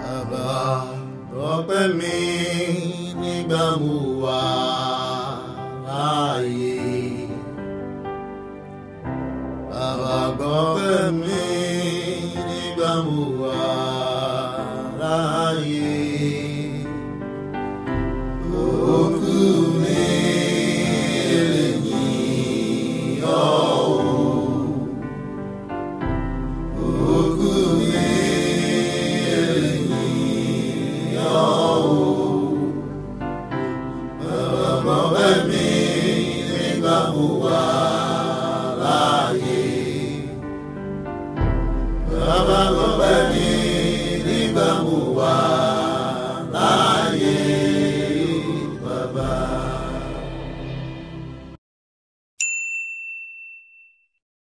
bàbá rọpẹ́ mi nígbà mo wà láàyè bàbá rọpẹ́ mi nígbà mo wà láàyè. bàbá gbọ́pẹ́ mi nígbà mú wá láàyè bàbá.